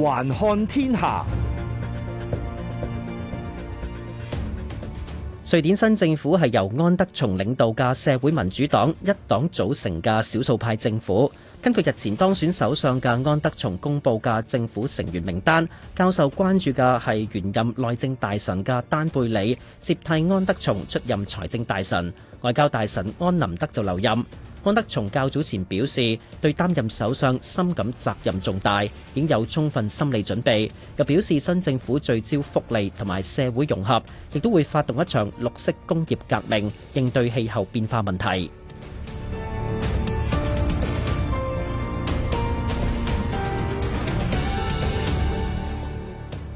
環看天下，瑞典新政府係由安德松領導嘅社會民主黨一黨組成嘅少數派政府。根據日前當選首相嘅安德松公布嘅政府成員名單，教授關注嘅係原任內政大臣嘅丹貝里，接替安德松出任財政大臣，外交大臣安林德就留任。安德松較早前表示，對擔任首相深感責任重大，已經有充分心理準備。又表示新政府聚焦福利同埋社會融合，亦都會發動一場綠色工業革命，應對氣候變化問題。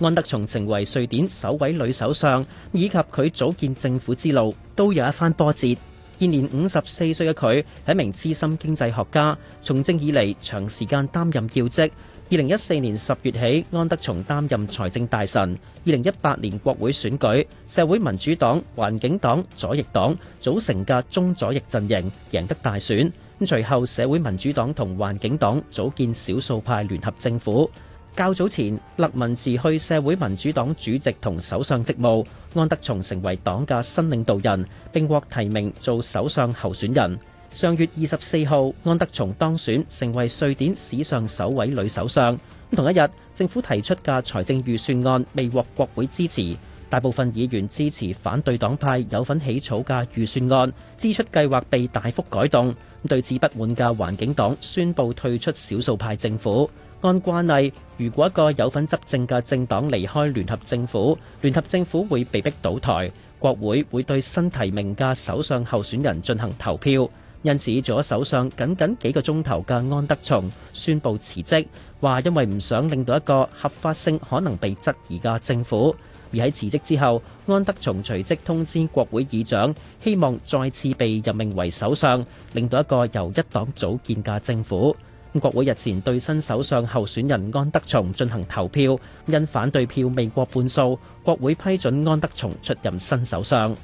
安德松成為瑞典首位女首相，以及佢組建政府之路都有一番波折。現年五十四歲嘅佢係一名資深經濟學家，從政以嚟長時間擔任要職。二零一四年十月起，安德松擔任財政大臣。二零一八年國會選舉，社會民主黨、環境黨、左翼黨組成嘅中左翼陣營贏得大選。咁隨後，社會民主黨同環境黨組建少數派聯合政府。較早前，勒文辭去社會民主黨主席同首相職務，安德松成為黨嘅新領導人，並獲提名做首相候選人。上月二十四號，安德松當選成為瑞典史上首位女首相。同一日，政府提出嘅財政預算案未獲國會支持，大部分議員支持反對黨派有份起草嘅預算案，支出計劃被大幅改動。咁對此不滿嘅環境黨宣布退出少數派政府。按慣例，如果一個有份執政嘅政黨離開聯合政府，聯合政府會被逼倒台，國會會對新提名嘅首相候選人進行投票。因此，做咗首相，僅僅幾個鐘頭嘅安德松宣布辭職，話因為唔想令到一個合法性可能被質疑嘅政府。而喺辭職之後，安德松隨即通知國會議長，希望再次被任命為首相，令到一個由一黨組建嘅政府。國會日前對新首相候選人安德松進行投票，因反對票未過半數，國會批准安德松出任新首相。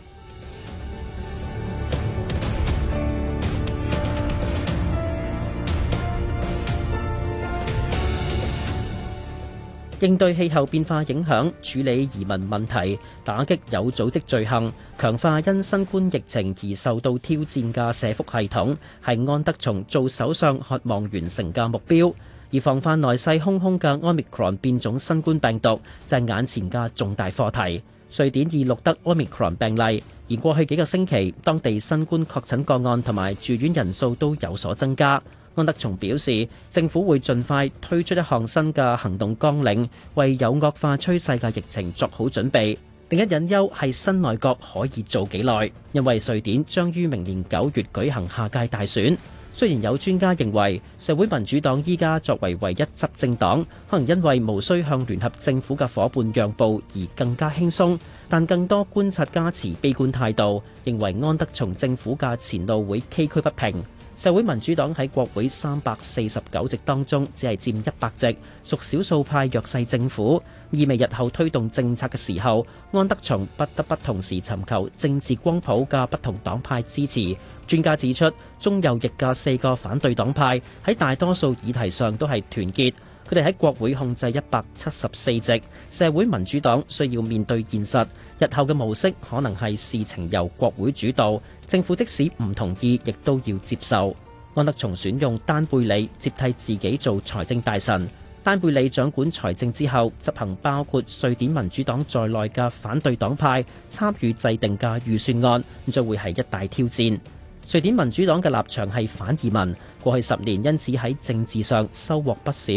應對氣候變化影響、處理移民問題、打擊有組織罪行、強化因新冠疫情而受到挑戰嘅社福系統，係安德松做首相渴望完成嘅目標。而防範來勢洶洶嘅 Omicron 變種新冠病毒，就係、是、眼前嘅重大課題。瑞典已錄得 Omicron 病例，而過去幾個星期，當地新冠確診個案同埋住院人數都有所增加。安德松表示政府會盡快推出一項新嘅行動綱領為有惡化趨勢嘅疫情作好準備另一隱憂係新內閣可以做幾耐因為瑞典將於明年九月舉行下屆大選雖然有專家認為社會民主黨依家作為唯一執政黨可能因為無需向聯合政府嘅伙伴讓步而更加輕鬆但更多觀察家持悲觀態度認為安德松政府嘅前路會崎嶇不平社會民主黨喺國會三百四十九席當中，只係佔一百席，屬少數派弱勢政府，意味日後推動政策嘅時候，安德松不得不同時尋求政治光譜嘅不同黨派支持。專家指出，中右翼嘅四個反對黨派喺大多數議題上都係團結。佢哋喺國會控制一百七十四席，社會民主黨需要面對現實，日後嘅模式可能係事情由國會主導，政府即使唔同意，亦都要接受。安德松選用丹貝里接替自己做財政大臣，丹貝里掌管財政之後，執行包括瑞典民主黨在內嘅反對黨派參與制定嘅預算案，咁就會係一大挑戰。瑞典民主黨嘅立場係反移民，過去十年因此喺政治上收穫不少，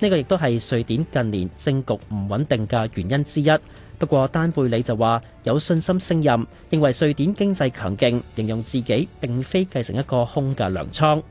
呢個亦都係瑞典近年政局唔穩定嘅原因之一。不過丹貝里就話有信心勝任，認為瑞典經濟強勁，形容自己並非繼承一個空嘅糧倉。